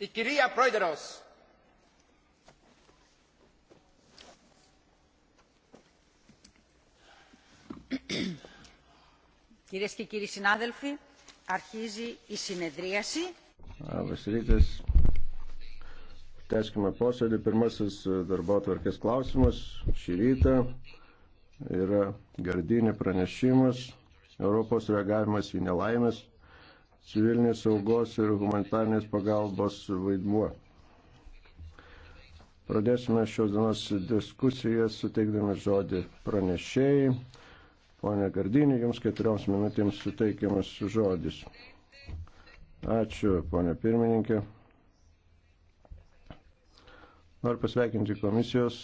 Η κυρία Πρόεδρος. Κυρίες και κύριοι συνάδελφοι, αρχίζει η συνεδρίαση. Labas rytas. Teskime posėdį. Pirmasis e, darbo atvarkės klausimas šį rytą yra gardinė pranešimas Europos reagavimas į nelaimės civilinės saugos ir humanitarnės pagalbos vaidmuo. Pradėsime šios dienos diskusiją suteikdami žodį pranešėjai. Pone Gardinį, jums keturioms minutėms suteikiamas žodis. Ačiū, ponė pirmininkė. Noriu pasveikinti komisijos